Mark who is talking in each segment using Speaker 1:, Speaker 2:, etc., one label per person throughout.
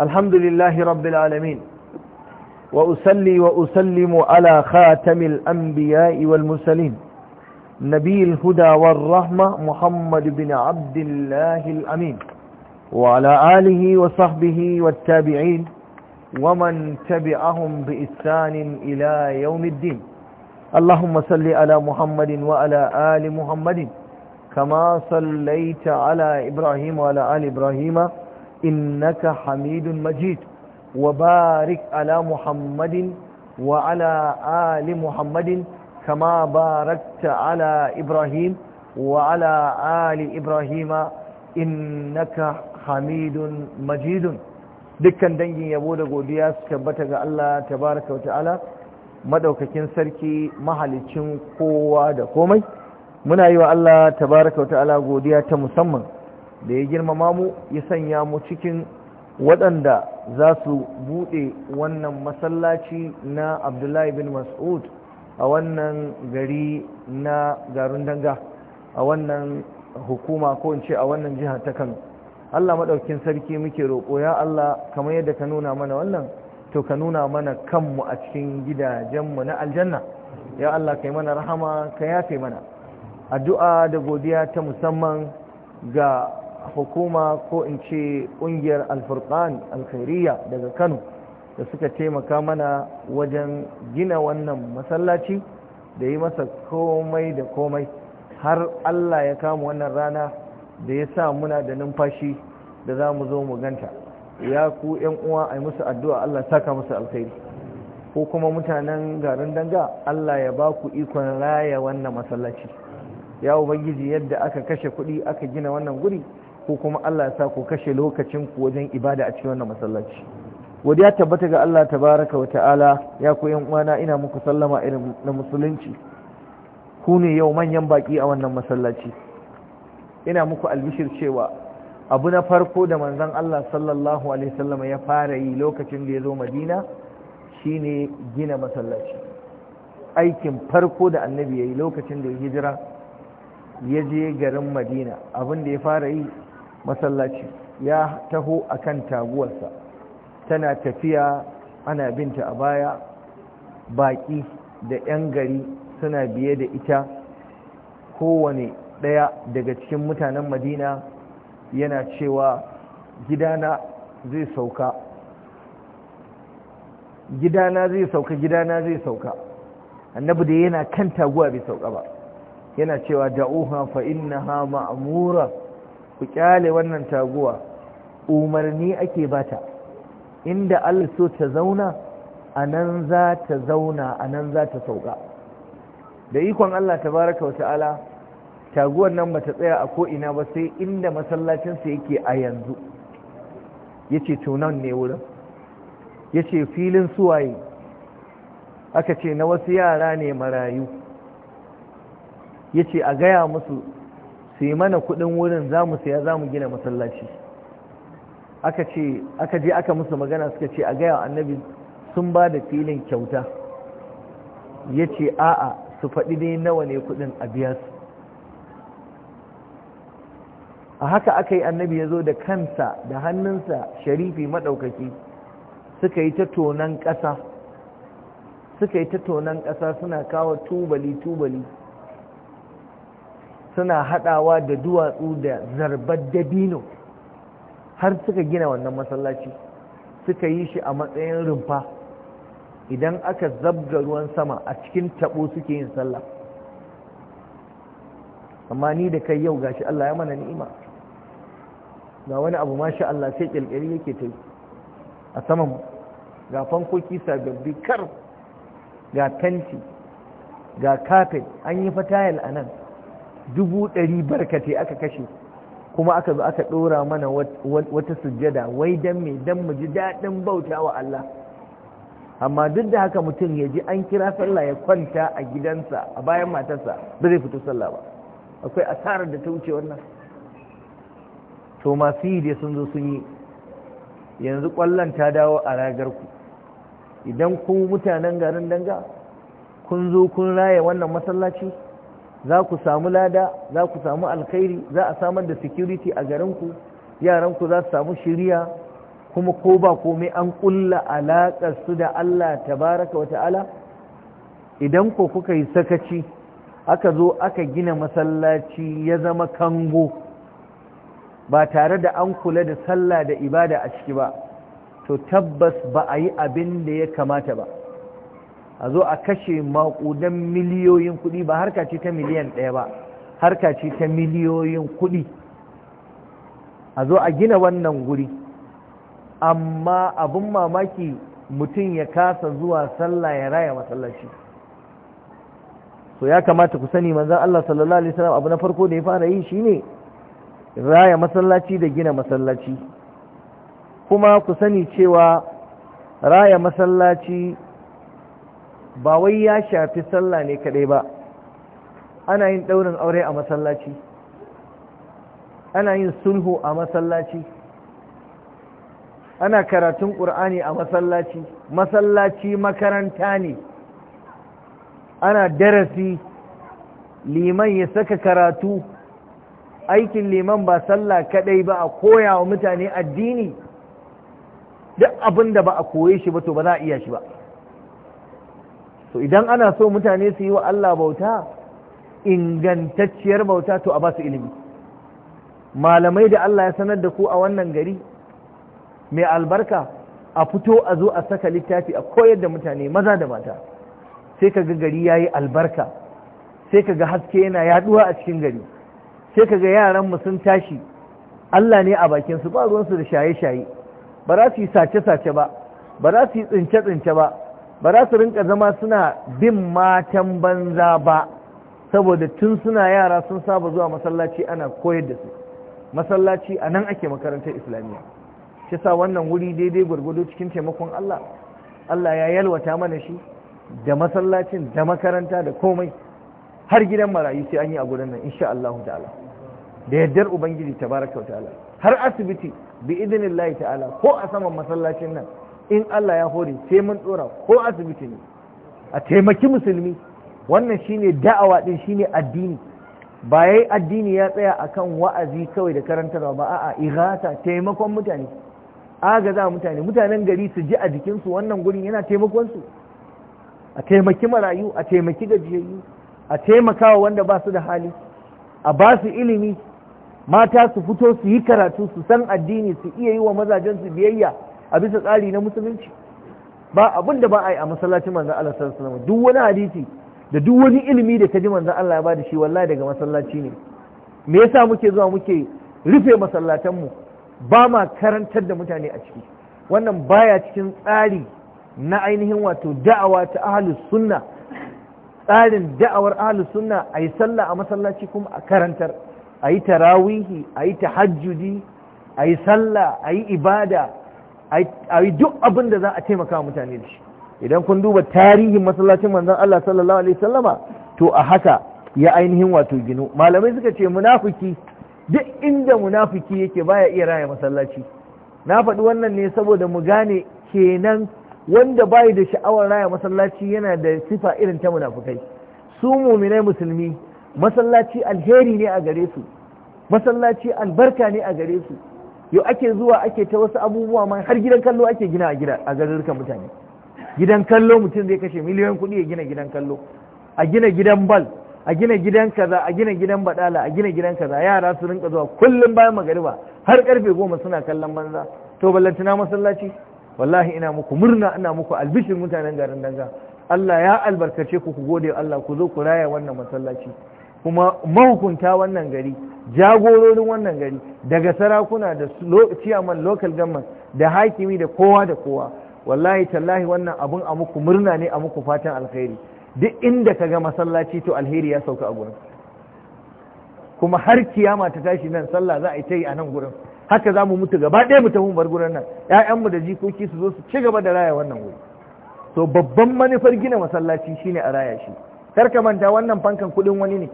Speaker 1: الحمد لله رب العالمين وأسلي وأسلم على خاتم الأنبياء والمرسلين نبي الهدى والرحمة محمد بن عبد الله الأمين وعلى آله وصحبه والتابعين ومن تبعهم بإحسان إلى يوم الدين اللهم صل على محمد وعلى آل محمد كما صليت على إبراهيم وعلى آل إبراهيم إنك حميد مجيد وبارك على محمد وعلى آل محمد كما باركت على إبراهيم وعلى آل إبراهيم إنك حميد مجيد dukkan dangin yabo da godiya su tabbata ga Allah tabaraka wa ta'ala madaukakin sarki mahalicin kowa da komai muna yi wa Allah tabaraka wa ta'ala godiya ta musamman da ya girmama mu ya sanya mu cikin waɗanda za su buɗe wannan masallaci na abdullahi bin mas'ud a wannan gari na garin danga a wannan hukuma ko in ce a wannan jihar ta kano allah maɗaukin sarki muke roƙo ya allah kamar yadda ka nuna mana wannan to ka nuna mana kanmu a cikin gidajenmu na aljanna ya allah ka yi mana rahama ka yafe mana addu'a da godiya ta musamman ga hukuma ko in ce ƙungiyar alfurkan alkhairiyya daga kano da suka taimaka mana wajen gina wannan masallaci da yi masa komai da komai har allah ya kama wannan rana da ya sa muna da numfashi da za mu zo mu ganta ya ku yan uwa a yi musu addu'a allah saka musu alkhairi ko kuma mutanen garin danga allah ya ba ku ikon raya wannan masallaci ya ubangiji yadda aka kashe kuɗi aka gina wannan guri ko kuma Allah ya sa ku kashe lokacin ku wajen ibada a cikin wannan masallaci godiya tabbata ga Allah tabaraka wa ta'ala ya ku yan uwana ina muku sallama irin na musulunci ku ne yau manyan baki a wannan masallaci ina muku albishir cewa abu na farko da manzon Allah sallallahu alaihi wasallam ya fara yi lokacin da ya zo Madina shine gina masallaci aikin farko da annabi ya yi lokacin da ya hijira ya je garin madina abinda ya fara yi masallaci ya taho a kan taguwarsa tana tafiya ana binta a baya baƙi da 'yan gari suna biye da ita kowane ɗaya daga cikin mutanen madina yana cewa gidana zai sauka gidana zai sauka gidana zai sauka annabi da yana kan taguwa bai sauka ba yana cewa da'uha fa innaha ma'mura ku kyale wannan taguwa umarni ake bata inda Allah so ta zauna anan za ta zauna anan za ta sauka da ikon Allah tabaraka wa ta'ala taguwar nan ba ta tsaya a ko'ina ba sai inda masallacin yake a yanzu yace to nan ne wurin yace filin suwaye aka ce na wasu yara ne marayu ya ce a gaya musu su yi mana kudin wurin za mu saya za mu gina masallaci aka aka je aka musu magana suka ce a gaya annabi sun ba da filin kyauta ya ce a'a su faɗi ne nawa ne kudin a biya su a haka aka yi annabi ya zo da kansa da hannunsa sharifi maɗaukaki suka yi ta tonon ƙasa suna kawo tubali-tubali suna haɗawa da duwatsu da zarbar dabino har suka gina wannan masallaci suka yi shi a matsayin rumfa idan aka zabga ruwan sama a cikin taɓo suke yin sallah amma ni da kai yau gashi Allah ya mana ni'ima ga wani abu masha Allah sai kyalkyali yake ta yi. a saman ga fankoki sababbi kar ga tanti ga kafin an yi fatayil a nan dubu ɗari barkate aka kashe kuma aka zo aka ɗora mana wata sujjada wai dan me dan mu ji daɗin bauta wa Allah amma duk da haka mutum ya ji an kira sallah ya kwanta a gidansa a bayan matarsa ba zai fito sallah ba akwai asarar da ta wuce wannan to masu yi sun zo sun yi yanzu kwallon ta dawo a ragar ku idan ku mutanen garin danga kun zo kun raya wannan masallaci za ku samu lada za ku samu alkhairi za a samar da security a garinku yaranku za su samu shiriya kuma ko ba komai an kulla alaƙar su da Allah tabaraka wata'ala idan ko kuka yi sakaci aka zo aka gina masallaci ya zama kango ba tare da an kula da sallah da ibada a ciki ba to tabbas ba a yi abin da ya kamata ba a zo a kashe maƙudan miliyoyin kuɗi ba harka ce ta miliyan ɗaya ba harka ce ta miliyoyin kuɗi a zo a gina wannan guri amma abin mamaki mutum ya kasa zuwa sallah ya raya masallaci so ya kamata ku sani manzan Allah sallallahu alaihi wasallam abu na farko da ya fara yi shi ne raya masallaci da gina masallaci kuma ku sani cewa raya masallaci ba wai ya shafi sallah ne kadai ba ana yin ɗaurin aure a masallaci ana yin sulhu a masallaci ana karatun ƙur'ani a masallaci masallaci makaranta ne ana darasi liman ya saka karatu aikin liman ba sallah kadai ba a koya wa mutane addini duk abin da ba a koye shi ba to ba za a iya shi ba to idan ana so mutane su yi wa Allah bauta ingantacciyar bauta to a basu ilimi malamai da Allah ya sanar da ku a wannan gari mai albarka a fito a zo a saka littafi a koyar da mutane maza da mata sai ka ga gari ya yi albarka sai ka ga haske yana yaduwa a cikin gari sai ka ga yaranmu sun tashi Allah ne a bakinsu ba ruwansu da shaye-shaye ba za su yi sace-sace ba ba za su yi tsince-tsince ba ba za su rinka zama suna bin matan banza ba saboda tun suna yara sun saba zuwa masallaci ana koyar da su masallaci a nan ake makarantar islamiyya shi sa wannan wuri daidai gwargwado cikin taimakon Allah Allah ya yalwata mana shi da masallacin da makaranta da komai har gidan marayu sai an yi a gudan nan insha Allah ta'ala da yaddar ubangiji tabaraka ta'ala har asibiti bi idnillahi ta'ala ko a saman masallacin nan in Allah ya hore sai mun dora ko asibiti ne a taimaki musulmi wannan shine da'awa din shine addini ba yayi addini ya tsaya akan wa'azi kawai da karantarwa ba a'a igata taimakon mutane agaza mutane mutanen gari su ji a jikinsu wannan gurin yana taimakon su a taimaki marayu a taimaki gajiyayyu a taimakawa wanda ba su da hali a ba su ilimi mata su fito su yi karatu su san addini su iya yi wa mazajen su biyayya a bisa tsari na musulunci ba abin da ba a yi a masallacin manzo Allah sallallahu alaihi wasallam duk wani hadisi da duk wani ilimi da ta ji manzo Allah ya bada shi wallahi daga masallaci ne me yasa muke zuwa muke rufe masallatan mu ba ma karantar da mutane a ciki wannan baya cikin tsari na ainihin wato da'awa ta ahlus sunna tsarin da'awar ahlus sunna a yi sallah a masallaci kuma a karantar a yi tarawihi a yi tahajjudi a yi sallah a yi ibada a yi duk abin da za a taimaka mutane da shi idan kun duba tarihin masallacin manzon Allah sallallahu alaihi wasallama to a haka ya ainihin wato gino. malamai suka ce munafiki duk inda munafiki yake baya iya raya masallaci na faɗi wannan ne saboda mu gane kenan wanda bai da sha'awar raya masallaci yana da sifa irin ta munafukai su muminai musulmi masallaci alheri ne a gare su masallaci albarka ne a gare su yau ake zuwa ake ta wasu abubuwa ma har gidan kallo ake gina a gida a mutane gidan kallo mutum zai kashe miliyoyin kuɗi ya gina gidan kallo a gina gidan bal a gina gidan kaza a gina gidan badala a gina gidan kaza yara su rinka zuwa kullum bayan magariba har karfe goma suna kallon banza to ballantana masallaci wallahi ina muku murna ina muku albishin mutanen garin danga Allah ya albarkace ku ku gode Allah ku zo ku raya wannan masallaci kuma mahukunta wannan gari jagororin wannan gari daga sarakuna da ciyaman local government da hakimi da kowa da kowa wallahi tallahi wannan abun a muku murna ne a muku fatan alheri. duk inda ka ga masallaci to alheri ya sauka a gurin kuma har kiyama ta tashi nan sallah za a yi ta yi a nan gurin haka za mu mutu gaba ɗaya mu tafi bar gurin nan ƴaƴanmu da jikoki su zo su ci gaba da raya wannan wuri to babban manufar gina masallaci shine a raya shi kar ka manta wannan fankan kuɗin wani ne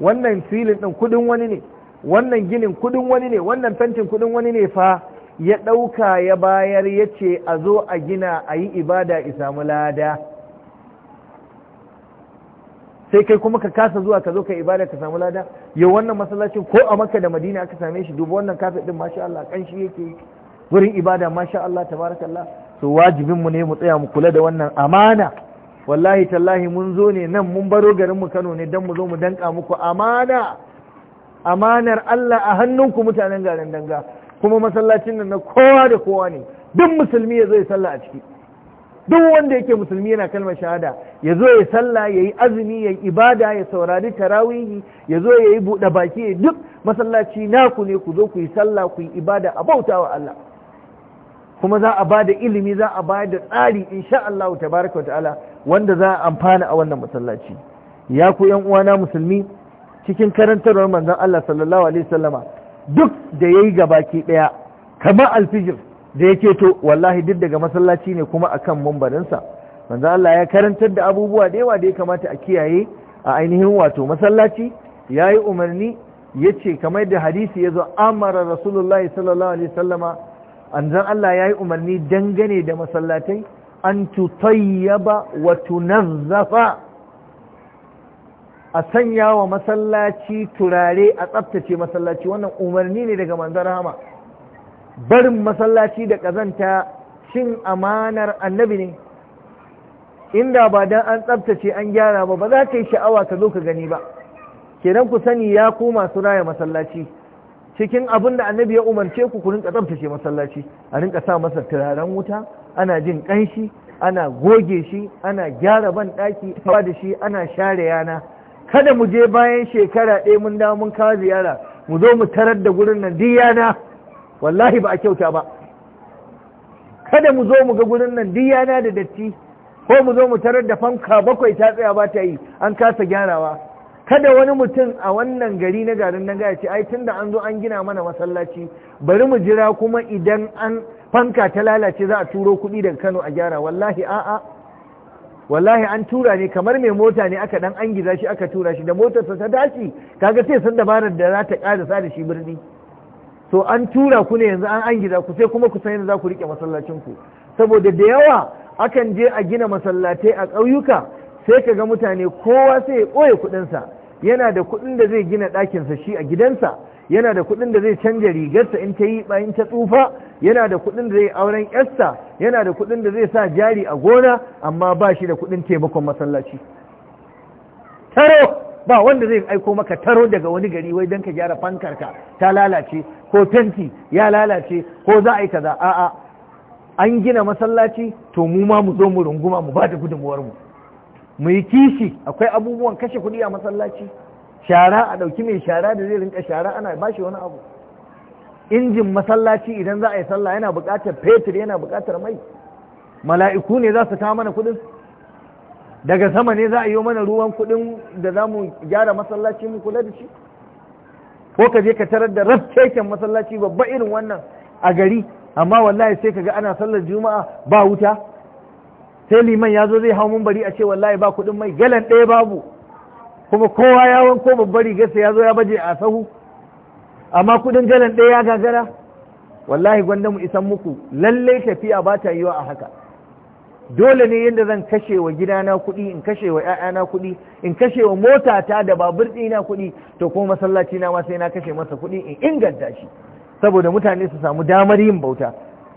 Speaker 1: wannan filin ɗin kudin wani ne wannan ginin kudin wani ne wannan fentin kudin wani ne fa ya ɗauka ya bayar ya ce a zo a gina a yi ibada isamu lada sai kai kuma ka kasa zuwa ka zo ka ibada ka samu lada yau wannan masallacin ko a maka da madina aka same shi dubu wannan kafin din masha Allah kanshi yake wurin ibada masha Allah tabarakallah to wajibinmu ne mu tsaya mu kula da wannan amana wallahi tallahi mun zo ne nan mun baro garinmu kano ne don mu zo mu danka muku amana amanar Allah a hannunku mutanen garin danga kuma masallacin nan na kowa da kowa ne duk musulmi ya zo ya sallah a ciki duk wanda yake musulmi yana kalmar shahada ya zo ya sallah ya yi azumi ya ibada ya saurari tarawihi ya zo ya yi buɗe baki duk masallaci naku ne ku zo ku yi sallah ku yi ibada a bautawa Allah kuma za a bada ilimi za a ba da tsari sha Allah tabaraka wa ta'ala wanda za a amfana a wannan masallaci ya ku uwana musulmi cikin karantarwar manzan Allah sallallahu alaihi wasallama duk da yayi gabaki daya kamar alfijir da yake to wallahi duk daga masallaci ne kuma akan mambarinsa manzon Allah ya karantar da abubuwa da yawa da ya kamata a kiyaye a ainihin wato masallaci yayi umarni yace kamar da hadisi ya zo, amara rasulullahi sallallahu alaihi wasallama zan Allah ya yi umarni dangane da masallatai an tutayyaba wa tunazzafa a sanya wa masallaci turare a tsabtace masallaci wannan umarni ne daga manzan rahama barin masallaci da ƙazanta cin amanar annabi ne inda ba dan an tsabtace an gyara ba ba za ka yi sha'awa ka zo ka gani ba kenan ku sani ya koma su raya masallaci cikin abin da annabi ya umarce ku ku rinka tsabtace masallaci a rinka sa masa turaren wuta ana jin kanshi ana goge shi ana gyara ban daki da shi ana share yana kada mu je bayan shekara ɗaya mun dawo mun kawo ziyara mu zo mu tarar da gurin nan duk yana wallahi ba a kyauta ba kada mu zo mu ga gurin nan duk yana da datti ko mu zo mu tarar da fanka bakwai ta tsaya ba ta yi an kasa gyarawa kada wani mutum a wannan gari na garin na gaya ce ai tun da an zo an gina mana masallaci bari mu jira kuma idan an fanka ta lalace za a turo kuɗi daga Kano a gyara wallahi a'a wallahi an tura ne kamar mai mota ne aka dan an gida shi aka tura shi da motarsa ta tashi kaga sai san dabarar da za ta ƙara sa da shi birni To an tura ku ne yanzu an an gida ku sai kuma ku san yadda za ku rike masallacin ku saboda da yawa akan je a gina masallatai a ƙauyuka sai ka ga mutane kowa sai ya ɓoye kuɗinsa yana da kuɗin da zai gina ɗakinsa shi a gidansa yana da kuɗin da zai canja rigarsa in ta yi bayan ta tsufa yana da kuɗin da zai auren yarsa yana da kuɗin da zai sa jari a gona amma ba shi da kuɗin taimakon masallaci taro ba wanda zai aiko maka taro daga wani gari wai don ka gyara fankarka ta lalace ko fenti ya lalace ko za a yi kaza a'a an gina masallaci to mu ma mu zo mu runguma mu ba da gudunmuwar mu mu yi kishi akwai abubuwan kashe kuɗi a masallaci shara a ɗauki mai shara da zai rinka shara ana ba shi wani abu injin masallaci idan za a yi sallah yana buƙatar fetur yana buƙatar mai mala'iku ne za su kawo mana kuɗin daga sama ne za a yi mana ruwan kuɗin da za mu gyara masallaci mu kula da shi ko ka je ka tarar da rafkeken masallaci babba irin wannan a gari amma wallahi sai ka ga ana sallar juma'a ba wuta sai liman ya zo zai hau mun bari a ce wallahi ba kuɗin mai galan ɗaya babu kuma kowa ya wanko babbar sai ya zo ya baje a sahu amma kuɗin galan ɗaya ya gagara wallahi gwanda mu isan muku lallai tafiya ba ta yiwa a haka dole ne yadda zan kashe wa gidana kuɗi in kashe wa ‘ya'yana kuɗi in kashe wa motata da babur ɗina kuɗi to kuma masallaci na ma sai na kashe masa kuɗi in inganta shi saboda mutane su samu damar yin bauta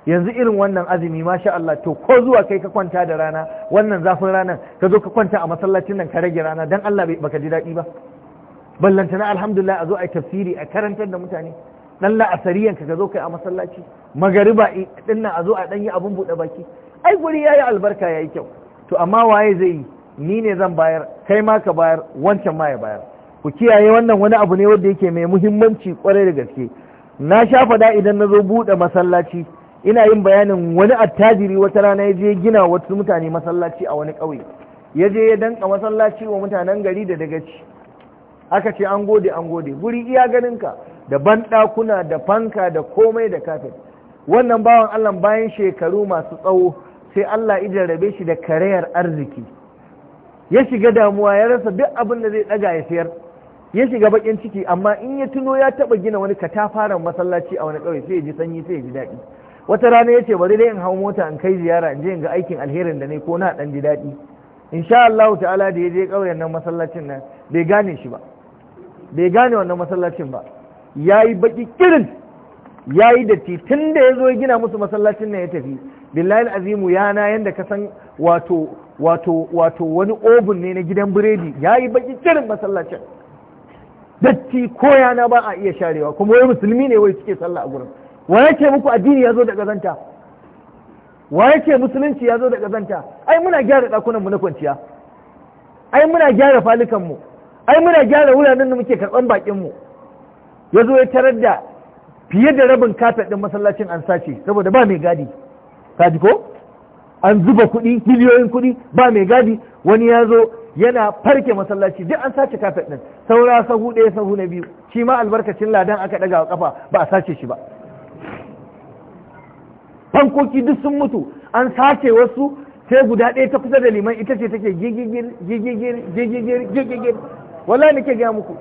Speaker 1: yanzu irin wannan azumi masha Allah to ko zuwa kai ka kwanta da rana wannan zafin ranar ka zo ka kwanta a masallacin nan ka rage rana dan Allah baka ji daɗi ba ballanta na alhamdulillah a zo a tafsiri a karantar da mutane dan asariyan ka zo kai a masallaci magariba eh, din nan a zo a dan yi abun buɗe baki ai guri yayi albarka yayi kyau to amma waye zai yi ni ne zan bayar kai ma ka bayar wancan ma ya bayar ku kiyaye wannan wani abu ne wanda yake mai muhimmanci kwarai da gaske na sha fada idan na zo buɗe masallaci ina yin bayanin wani attajiri wata rana ya je gina wasu mutane masallaci a wani ƙauye ya je ya danka masallaci wa mutanen gari da daga ci. aka ce an gode an gode guri iya ganinka da banɗakuna da fanka da komai da kafin wannan bawan allah bayan shekaru masu tsawo sai allah rabe shi da karayar arziki ya shiga damuwa ya rasa duk abin da zai ɗaga ya sayar ya shiga bakin ciki amma in ya tuno ya taɓa gina wani katafaren masallaci a wani ƙauye sai ya ji sanyi sai ya ji daɗi wata rana ya ce bari dai in hau mota in kai ziyara in je in ga aikin alherin da ne ko na ɗan ji daɗi insha Allah ta'ala da ya je ƙauyen nan masallacin nan bai gane shi ba bai gane wannan masallacin ba yayi baki kirin yayi da tun da ya zo gina musu masallacin nan ya tafi billahi azimu yana yanda ka san wato wato wato wani ogun ne na gidan biredi yayi baki kirin masallacin datti ko yana ba a iya sharewa kuma wai musulmi ne wai suke sallah a gurin wa yake muku addini ya zo da ƙazanta wa yake musulunci ya zo da ƙazanta ai muna gyara ɗakunanmu na kwanciya ai muna gyara falukanmu ai muna gyara wuraren da muke karɓan baƙinmu ya zo ya tarar da fiye da rabin kafet ɗin masallacin an sace saboda ba mai gadi ka ko an zuba kuɗi miliyoyin kuɗi ba mai gadi wani ya zo yana farke masallaci duk an sace kafet ɗin saura sahu ɗaya sahu na biyu shi ma albarkacin ladan aka ɗaga kafa ba a sace shi ba Bankoki duk sun mutu an sace wasu sai guda ɗaya ta kusa da liman ita ce take gigigir. wala ke gaya muku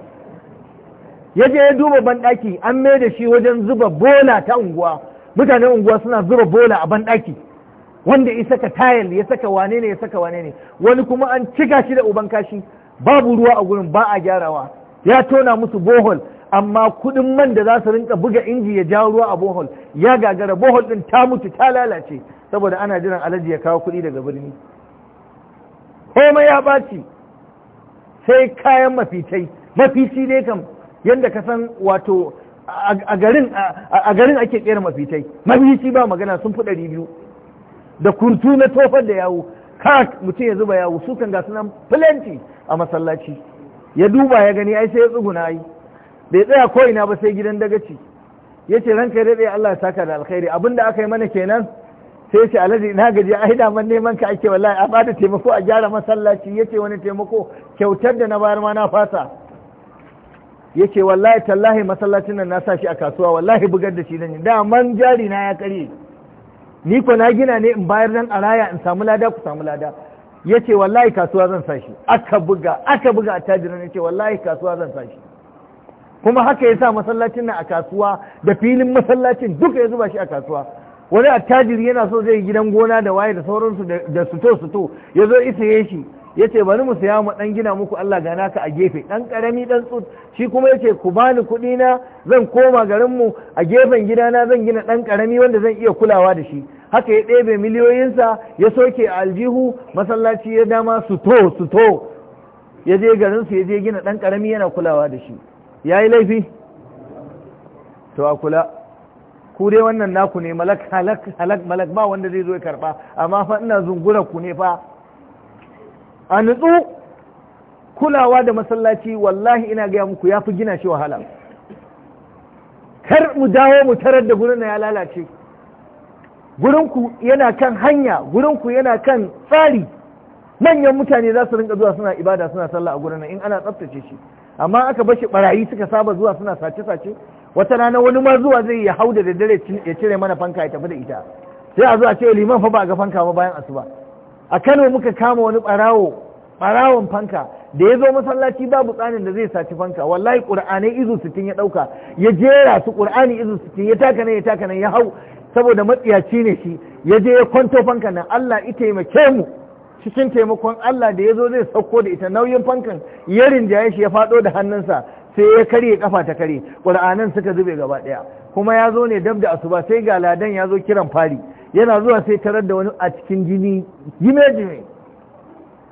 Speaker 1: ya je ya duba banɗaki an mai da shi wajen zuba bola ta unguwa mutanen unguwa suna zuba bola a banɗaki wanda saka tayal ya saka wane ya saka wane wani kuma an cika shi da uban kashi babu ruwa a gurin ba a gyarawa ya tona musu bohol amma kudin man da za su rinka buga inji ya jawo ruwa a bohol ya gagara bohol din ta mutu ta lalace saboda ana jiran alaji ya kawo kudi daga birni komai ya ɓaci sai kayan mafitai mafici dai kam yadda ka san wato a garin ake tsere mafitai mafici ba magana sun fi ɗari biyu da kurtu na tofar da yawo kak mutum ya zuba yawo sukan ga sunan plenty a masallaci ya duba ya gani ai sai ya tsuguna ai bai tsaya ko ina ba sai gidan dagaci ce ranka ya daɗe Allah ya saka da alkhairi abinda aka yi mana kenan sai ce alhaji ina gaji a da man neman ka ake wallahi a bada taimako a gyara masallaci ce wani taimako kyautar da na bayar ma na fasa Ya ce wallahi tallahi masallacin nan na sa shi a kasuwa wallahi bugar da shi nan da man jari na ya kare ni ko na gina ne in bayar nan a raya in samu lada ku samu lada yace wallahi kasuwa zan sa shi aka buga aka buga a Ya yace wallahi kasuwa zan sa shi kuma haka ya sa masallacin nan a kasuwa da filin masallacin duka ya zuba shi a kasuwa wani attajiri yana so zai gidan gona da waye da sauransu da suto suto ya zo isa ya shi ya ce bari mu saya mu dan gina muku Allah ga naka a gefe dan karami dan tsut shi kuma yace, ku bani kuɗi na zan koma garinmu a gefen gidana zan gina ɗan karami wanda zan iya kulawa da shi haka ya ɗebe miliyoyinsa ya soke a aljihu masallaci ya dama suto suto ya je garinsu ya je gina ɗan ƙarami yana kulawa da shi ya yi laifi to a kula ku dai wannan naku ne malak halak halak malak ba wanda zai zo ya karba amma fa ina zungura ku ne fa a nutsu kulawa da masallaci wallahi ina gaya muku ya fi gina shi wahala kar mu dawo mu tarar da gurin na ya lalace gurinku yana kan hanya gurin ku yana kan tsari manyan mutane za su rinka zuwa suna ibada suna sallah a gurin nan in ana tsaftace shi amma aka bashi barayi suka saba zuwa suna sace sace wata rana wani ma zuwa zai ya hau da daddare ya cire mana fanka ya tafi da ita sai a zuwa ce liman fa ba ga fanka ba bayan asuba a Kano muka kama wani barawo barawon fanka da ya zo masallaci babu tsanin da zai saci fanka wallahi qur'anai izu sittin ya dauka ya jera su qur'ani izu sittin ya taka nan ya taka nan ya hau saboda matsiyaci ne shi ya je ya kwanto fanka nan Allah ita yi mu cikin taimakon Allah da ya zo zai sauko da ita nauyin fankan ya rinjaye shi ya faɗo da hannunsa sai ya karye kafa ta kare ƙur'anin suka zube gaba ɗaya kuma ya zo ne dab da asuba sai ga ladan ya zo kiran fari yana zuwa sai tarar da wani a cikin jini jime jime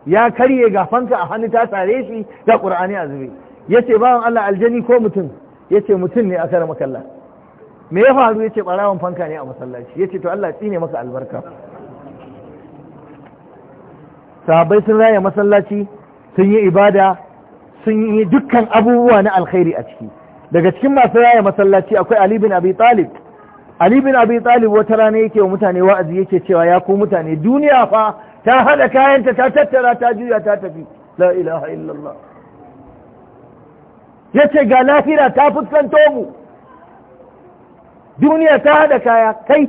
Speaker 1: ya karye ga fanka a hannu ta tsare shi ga ƙur'ani a zube ya ce bawan Allah aljani ko mutum ya ce mutum ne a kare makalla me ya faru ya ce ɓarawan fanka ne a masallaci ya ce to Allah tsine maka albarka sahabai sun raya masallaci sun yi ibada sun yi dukkan abubuwa na alkhairi a ciki daga cikin masu raya masallaci akwai Ali bin Abi Talib Ali bin Abi Talib wata rana yake wa mutane wa'azi yake cewa ya ku mutane duniya fa ta hada kayanta ta tattara ta juya ta tafi la ilaha illallah yace ga lafira ta fuskanto mu duniya ta hada kaya kai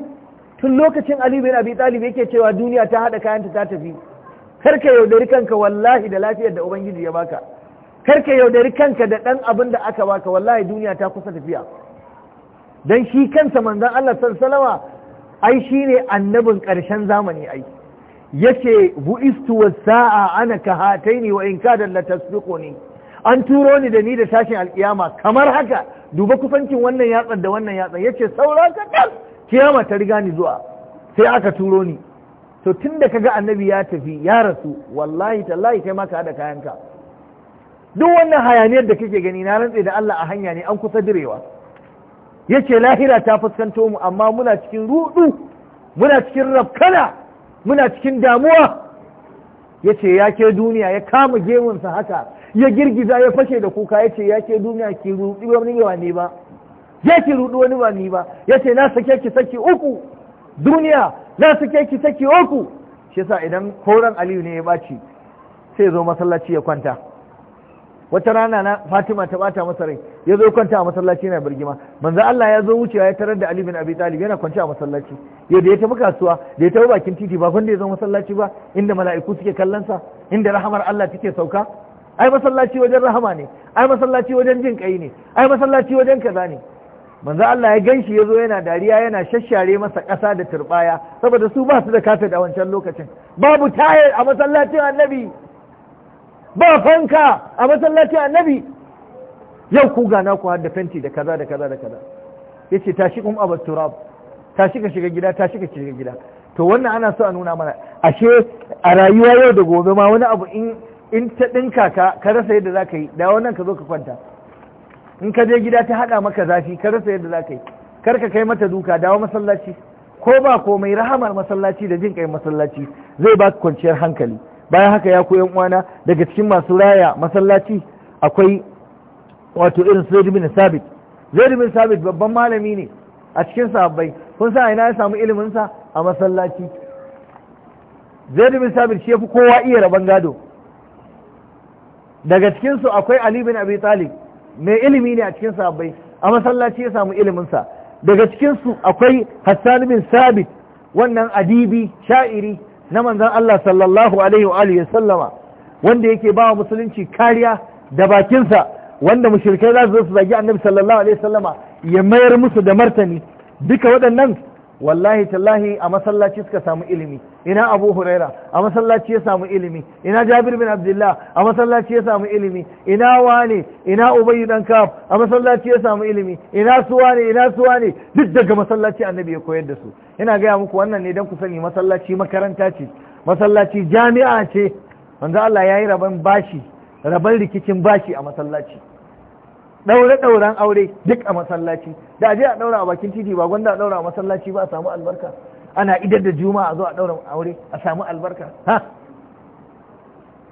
Speaker 1: tun lokacin Ali bin Abi Talib yake cewa duniya ta hada kayanta ta tafi Kar ka yaudari kanka wallahi da lafiyar da ubangiji ya baka karka yaudari kanka da ɗan abin da aka baka wallahi duniya ta kusa tafiya dan shi kansa manzon Allah sallallahu ai shine annabin ƙarshen zamani ai yace bu'istu was-sa'a ana kahataini wa in kada la tasbiquni an turo ni da ni da tashin alkiyama kamar haka duba kusancin wannan yatsan da wannan yatsan yace saura ka kiyama ta riga ni zuwa sai aka turo ni to tun da kaga annabi ya tafi ya rasu wallahi tallahi kai ma ka kayanka duk wannan hayaniyar da kake gani na rantse da Allah a hanya ne an kusa direwa yace lahira ta fuskanto mu amma muna cikin rudu muna cikin rafkana muna cikin damuwa yace ya ke duniya ya kama gemunsa haka ya girgiza ya fashe da kuka yace ya ke duniya ki ba ne ba ya rudu wani ba ne ba yace na sake ki saki uku duniya na suke ki saki oku shi yasa idan koran aliyu ne ya baci sai zo masallaci ya kwanta wata rana na fatima ta bata masa rai ya zo kwanta a masallaci yana birgima manzo Allah ya zo wucewa ya tarar da Ali bin Abi Talib yana kwance a masallaci yau da ya tafi kasuwa da ya tafi bakin titi ba wanda ya zo masallaci ba inda mala'iku suke kallon sa inda rahamar Allah take sauka ai masallaci wajen rahama ne ai masallaci wajen jin kai ne ai masallaci wajen kaza ne manzo Allah ya ganshi zo yana dariya yana shashare masa ƙasa da turbaya saboda su ba su da kata da wancan lokacin babu tayar a masallacin annabi ba fanka a masallacin annabi yau ku gana ku har da fenti da kaza da kaza da kaza yace tashi um abat turab tashi ka shiga gida tashi ka shiga gida to wannan ana so a nuna mana ashe a rayuwa yau da gobe ma wani abu in in ta ɗinka ka ka rasa yadda za ka yi da wannan ka zo ka kwanta in ka je gida ta haɗa maka zafi ka rasa yadda za ka yi kar ka kai mata duka dawo masallaci ko ba ko mai rahamar masallaci da jin kai masallaci zai ba kwanciyar hankali bayan haka ya koyan uwana daga cikin masu raya masallaci akwai wato irin zaid bin sabit zaid bin sabit babban malami ne a cikin sahabbai kun sa ina ya samu ilimin sa a masallaci zaid bin sabit shi yafi kowa iya rabon gado daga cikin su akwai ali bin abi talib mai ilimi ne a cikin sahabbai a masallaci ya samu iliminsa daga cikinsu akwai hassan bin sabit wannan adibi sha'iri na manzon Allah sallallahu alaihi wa alihi sallama wanda yake ba wa musulunci kariya da bakinsa wanda mushrikai za su zo su zagi annabi sallallahu alaihi wa sallama ya mayar musu da martani duka waɗannan wallahi tallahi a masallaci suka samu ilimi ina abu huraira a masallaci ya samu ilimi ina jabir bin abdullah a masallaci ya samu ilimi ina wane ina ubayyu dan kaf a masallaci ya samu ilimi ina suwane ina suwane duk daga masallaci annabi ya koyar da su ina gaya muku wannan ne dan ku sani masallaci makaranta ce masallaci jami'a ce manzo Allah yayi rabon bashi rabon rikicin bashi a masallaci ɗaure-ɗauren aure duk a masallaci da aje a ɗaura a bakin titi ba gwanda a ɗaura a masallaci ba a samu albarka ana idar da juma a zo a ɗaura aure a samu albarka ha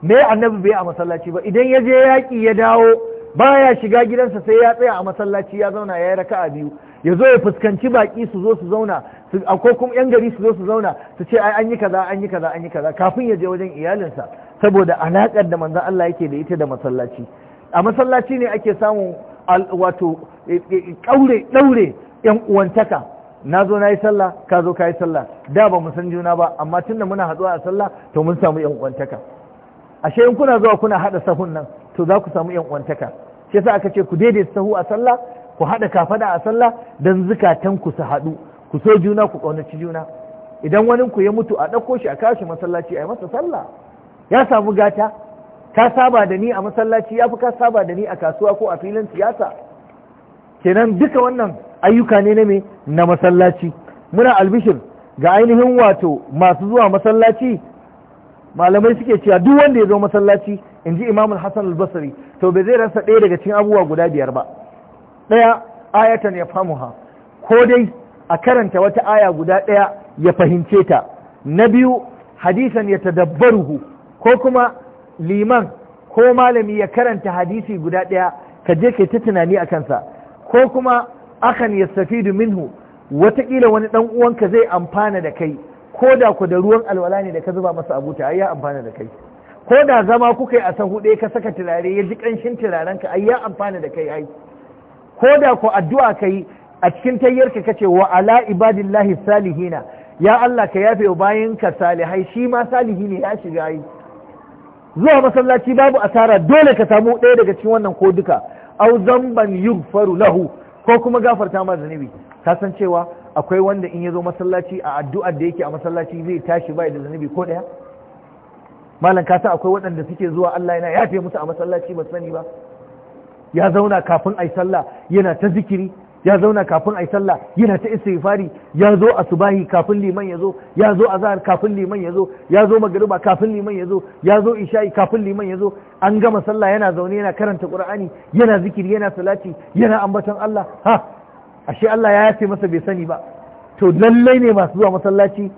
Speaker 1: me annabi bai a masallaci ba idan ya je yaƙi ya dawo baya shiga gidansa sai ya tsaya a masallaci ya zauna ya yi raka'a biyu ya zo ya fuskanci baƙi su zo su zauna ko kuma yan gari su zo su zauna su ce ai an yi kaza an yi kaza an yi kaza kafin ya je wajen iyalinsa saboda alaƙar da manzon Allah yake da ita da masallaci a masallaci ne ake samun wato ƙaure e, e, ɗaure yan uwantaka na zo na yi sallah ka zo ka yi sallah da ba mu san juna ba amma tun tunda muna haɗuwa a sallah to mun samu yan uwantaka ashe in kuna zuwa kuna haɗa sahun nan to za ku samu yan uwantaka shi yasa aka ce ku daidaita sahu a sallah ku haɗa kafada a sallah dan zukatan ku su haɗu ku so juna ku ƙaunaci juna idan wani ku ya mutu a ɗauko shi a kashi masallaci a yi masa sallah ya samu gata ka saba da ni a masallaci ya fi ka saba da ni a kasuwa ko a filin siyasa kenan duka wannan ayyuka ne na me na masallaci muna albishir ga ainihin wato masu zuwa masallaci malamai suke cewa duk wanda ya zo masallaci in ji imamul hassan albasari to bai zai rasa ɗaya daga cikin abubuwa guda biyar ba ɗaya ayatan ya famuha ko dai a karanta wata aya guda ɗaya ya fahimce ta na biyu hadisan ya tadabbaruhu ko kuma liman ko malami ya karanta hadisi guda ɗaya ka je ka ta tunani a kansa ko kuma akan yastafidu minhu wataƙila wani ɗan uwanka zai amfana da kai ko da ku da ruwan alwala ne da ka zuba masa abuta ai ya amfana da kai ko da zama kuka yi a sahu ɗaya ka saka turare ya ji ƙanshin turaren ka ai ya amfana da kai ai ko da ku addu'a ka yi a cikin tayyarka kace wa ala ibadillahi salihina ya Allah ka yafe bayan ka salihai shi ma salihi ne ya shiga ayi zuwa masallaci babu asara dole ka samu ɗaya daga cikin wannan ko duka au zamban yughfaru lahu ko kuma gafarta ma zanibi ka san cewa akwai wanda in ya zo masallaci a addu'ar da yake a masallaci zai tashi bai da zanibi ko ɗaya malam ka san akwai waɗanda suke zuwa Allah yana yafe musu a masallaci ba sani ba ya zauna kafin ai sallah yana ta zikiri ya zauna kafin a yi sallah yana ta istighfari ya zo a subahi kafin liman ya zo ya zo a zahar kafin liman ya zo ya zo magariba kafin liman ya zo ya zo isha'i kafin liman ya zo an gama sallah yana zaune yana karanta qur'ani yana zikiri yana salati yana ambaton Allah ha ashe Allah ya yace masa bai sani ba to lallai ne masu zuwa masallaci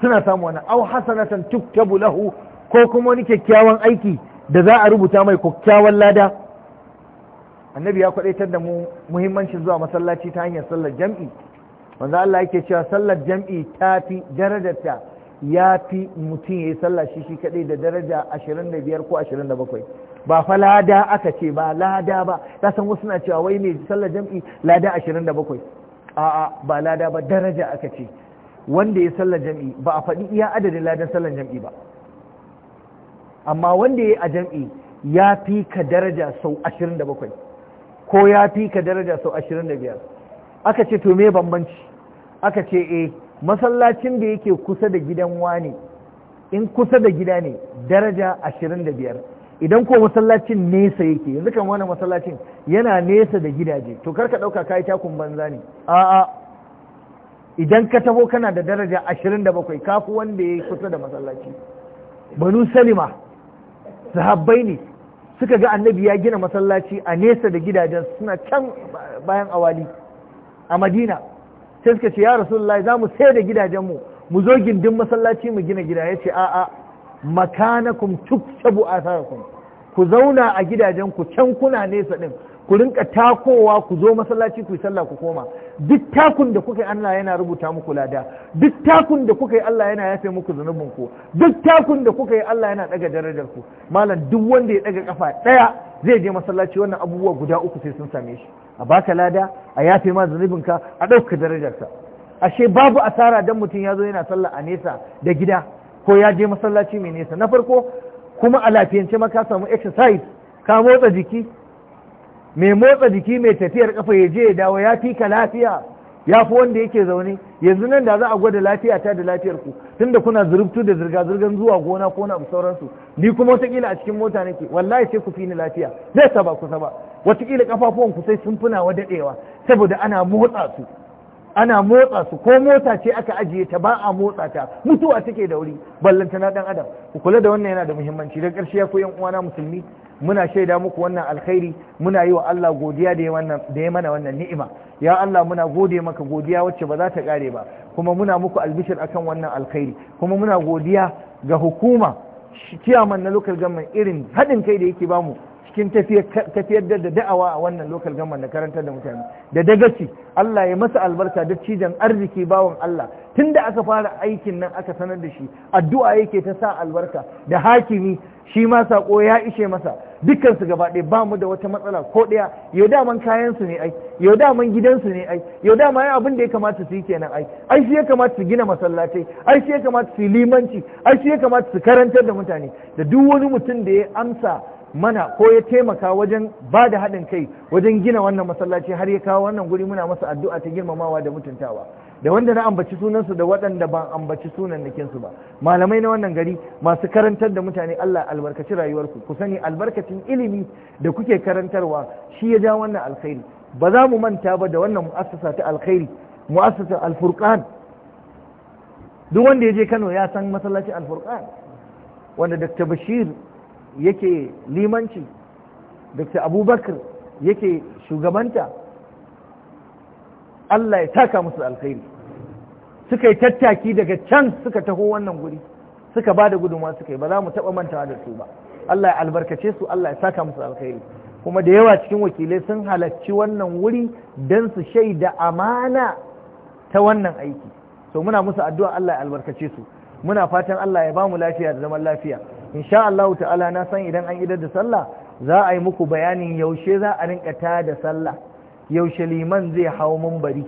Speaker 1: suna samu wani au hasanatan tuktabu lahu ko kuma wani kyakkyawan aiki da za a rubuta mai kyakkyawan lada annabi ya kwadaitar da mu muhimmancin zuwa masallaci ta hanyar sallar jam'i manzo Allah yake cewa sallar jam'i ta fi darajarta ya fi mutum ya yi sallar shi shi kadai da daraja 25 ko 27 ba fa lada aka ce ba lada ba ta san wasu na cewa wai mai sallar jam'i lada 27 a'a ba lada ba daraja aka ce wanda ya sallar jam'i ba a faɗi iya adadin ladan sallar jam'i ba amma wanda ya yi a jam'i ya fi ka daraja sau ashirin da bakwai. ko ya fi ka daraja sau ashirin da biyar aka ce to me bambanci aka ce eh masallacin da yake kusa da gidan wani in kusa da gida ne daraja ashirin da biyar idan ko masallacin nesa yake yanzu kan wani masallacin yana nesa da gidaje to kar ka ɗauka kayi takun banza ne a'a idan ka taho kana da daraja ashirin da bakwai kafu wanda ya kusa da masallaci banu salima sahabbai ne suka ga annabi ya gina masallaci a nesa da gidajen suna can bayan awali a madina sai suka ce ya rasulullahi za mu sai da gidajenmu mu zo gindin masallaci mu gina gida ya ce a'a makanakum shabu atharakum ku zauna a gidajen ku can kuna nesa ɗin. ku rinka takowa ku zo masallaci ku yi sallah ku koma duk takun da kuka yi Allah yana rubuta muku lada duk takun da kuka yi Allah yana yafe muku zunubin ku duk takun da kuka yi Allah yana daga darajar ku malam duk wanda ya daga kafa daya zai je masallaci wannan abubuwa guda uku sai sun same shi a baka lada a yafe ma zunubin ka a ɗauka darajarsa ashe babu asara dan mutum ya zo yana sallah a nesa da gida ko ya je masallaci mai nesa na farko kuma a lafiyance ma samu exercise ka motsa jiki mai motsa jiki mai tafiyar kafa ya je ya dawo ya fi ka lafiya ya fi wanda yake zaune yanzu nan da za a gwada lafiya ta da lafiyar ku tunda kuna zurubtu da zirga-zirgan zuwa gona ko na sauransu ni kuma watakila a cikin mota nake wallahi sai ku fi ni lafiya zai saba kusa ba watakila kafafuwan ku sai sun fina wa daɗewa saboda ana motsa su ana motsa su ko mota ce aka ajiye ta ba a motsa ta mutuwa take da wuri ballanta na dan adam ku kula da wannan yana da muhimmanci da ƙarshe ya ku yan uwana musulmi muna shaida muku wannan alkhairi muna yi wa Allah godiya da wannan da ya mana wannan ni'ima ya Allah muna gode maka godiya wacce ba za ta kare ba kuma muna muku albishir akan wannan alkhairi kuma muna godiya ga hukuma ciyaman na local government irin haɗin kai da yake bamu cikin tafiyar da da'awa a wannan lokal gama da karantar da mutane da dagaci Allah ya masa albarka da cijan arziki bawan Allah tun da aka fara aikin nan aka sanar da shi addu'a yake ta sa albarka da hakimi shi ma sako ya ishe masa Dukkansu gaba ɗaya ba mu da wata matsala ko ɗaya yau daman kayan su ne ai yau daman gidan su ne ai yau ma ya abin da ya kamata su yi kenan ai ai shi ya kamata su gina masallatai ai shi ya kamata su limanci ai shi ya kamata su karantar da mutane da duk wani mutum da ya amsa mana ko ya taimaka wajen ba da haɗin kai wajen gina wannan masallaci har ya kawo wannan guri muna masa addu'a ta girmamawa da mutuntawa da wanda na ambaci sunansu da waɗanda ban ambaci sunan nakinsu ba malamai na wannan gari masu karantar da mutane Allah albarkaci rayuwarku ku sani albarkacin ilimi da kuke karantarwa shi ya ja wannan alkhairi ba za mu manta ba da wannan mu'assasa ta alkhairi mu'assasa alfurqan duk wanda ya je Kano ya san masallacin alfurqan wanda Dr. Bashir yake limanci dr abubakar yake shugabanta allah ya taka musu alkhairi suka yi tattaki daga can suka taho wannan guri suka ba da gudunmawa suka yi ba za mu taɓa mantawa da su ba allah ya albarkace su allah ya saka musu alkhairi kuma da yawa cikin wakilai sun halarci wannan wuri don su shaida amana ta wannan aiki To muna musu addu'a Allah ya albarkace su muna fatan Allah ya ba mu lafiya da zaman lafiya insha Allah ta'ala na san idan an idar da sallah za a yi muku bayanin yaushe za a rinka ta da sallah yaushe liman zai hau mambari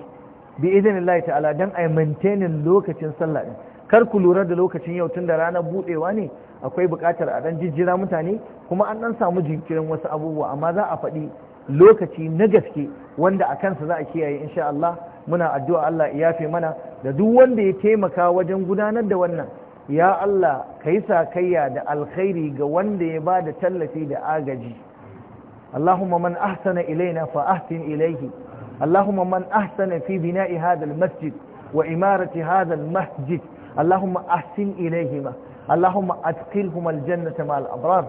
Speaker 1: bi idinillahi ta'ala dan ai maintaining lokacin sallah din kar ku lura da lokacin yau tun da ranar buɗewa ne akwai buƙatar a dan jijjira mutane kuma an ɗan samu jinkirin wasu abubuwa amma za a faɗi lokaci na gaske wanda a kansa za a kiyaye insha Allah muna addu'a Allah ya yafe mana da duk wanda ya taimaka wajen gudanar da wannan ya Allah ka yi sakayya da alkhairi ga wanda ya ba da tallafi da agaji Allahumma man ahsana ilaina fa ahsin ilaihi Allahumma man ahsana fi bina'i hadha masjid wa imarati hadha masjid Allahumma ahsin ilaihima Allahumma adkhilhum aljannata ma al-abrar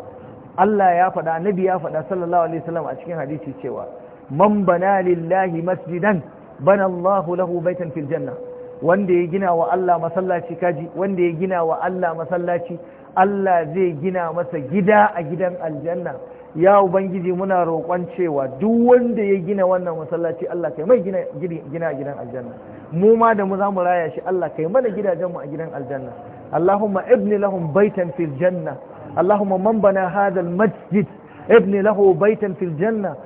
Speaker 1: Allah ya faɗa nabi ya faɗa sallallahu alaihi wasallam a cikin hadisi cewa man bana lillahi masjidan bana Allahu lahu baitan fil janna wanda ya gina wa Allah masallaci kaji wanda ya gina wa Allah masallaci Allah zai gina masa gida a gidan aljanna ya ubangiji muna roƙon cewa duk wanda ya gina wannan masallaci Allah kai mai gina gina a gidan aljanna mu ma da mu za mu raya shi Allah kai mana gidajen mu a gidan aljanna Allahumma ibni lahum baitan fil janna Allahumma man bana hadha al masjid ibni lahu baitan fil janna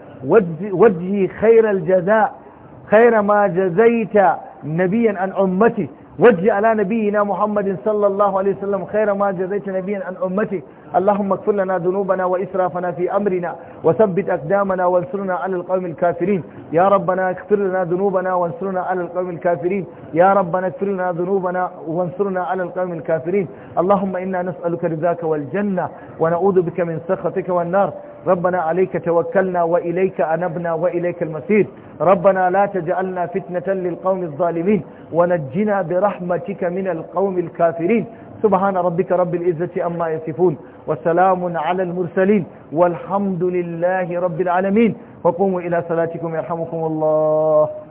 Speaker 1: wajhi khayra al jazaa khayra ma jazaita نبيا عن أمتي وجه على نبينا محمد صلى الله عليه وسلم خير ما جزيت نبيا عن أمتي اللهم اكفر لنا ذنوبنا وإسرافنا في أمرنا وثبت أقدامنا وانصرنا على القوم الكافرين يا ربنا اكفر لنا ذنوبنا وانصرنا على القوم الكافرين يا ربنا اكفر لنا ذنوبنا وانصرنا على القوم الكافرين اللهم إنا نسألك رزاك والجنة ونعوذ بك من سخطك والنار ربنا عليك توكلنا وإليك أنبنا وإليك المسير ربنا لا تجعلنا فتنة للقوم الظالمين ونجنا برحمتك من القوم الكافرين سبحان ربك رب العزة أما يصفون وسلام على المرسلين والحمد لله رب العالمين وقوموا إلى صلاتكم يرحمكم الله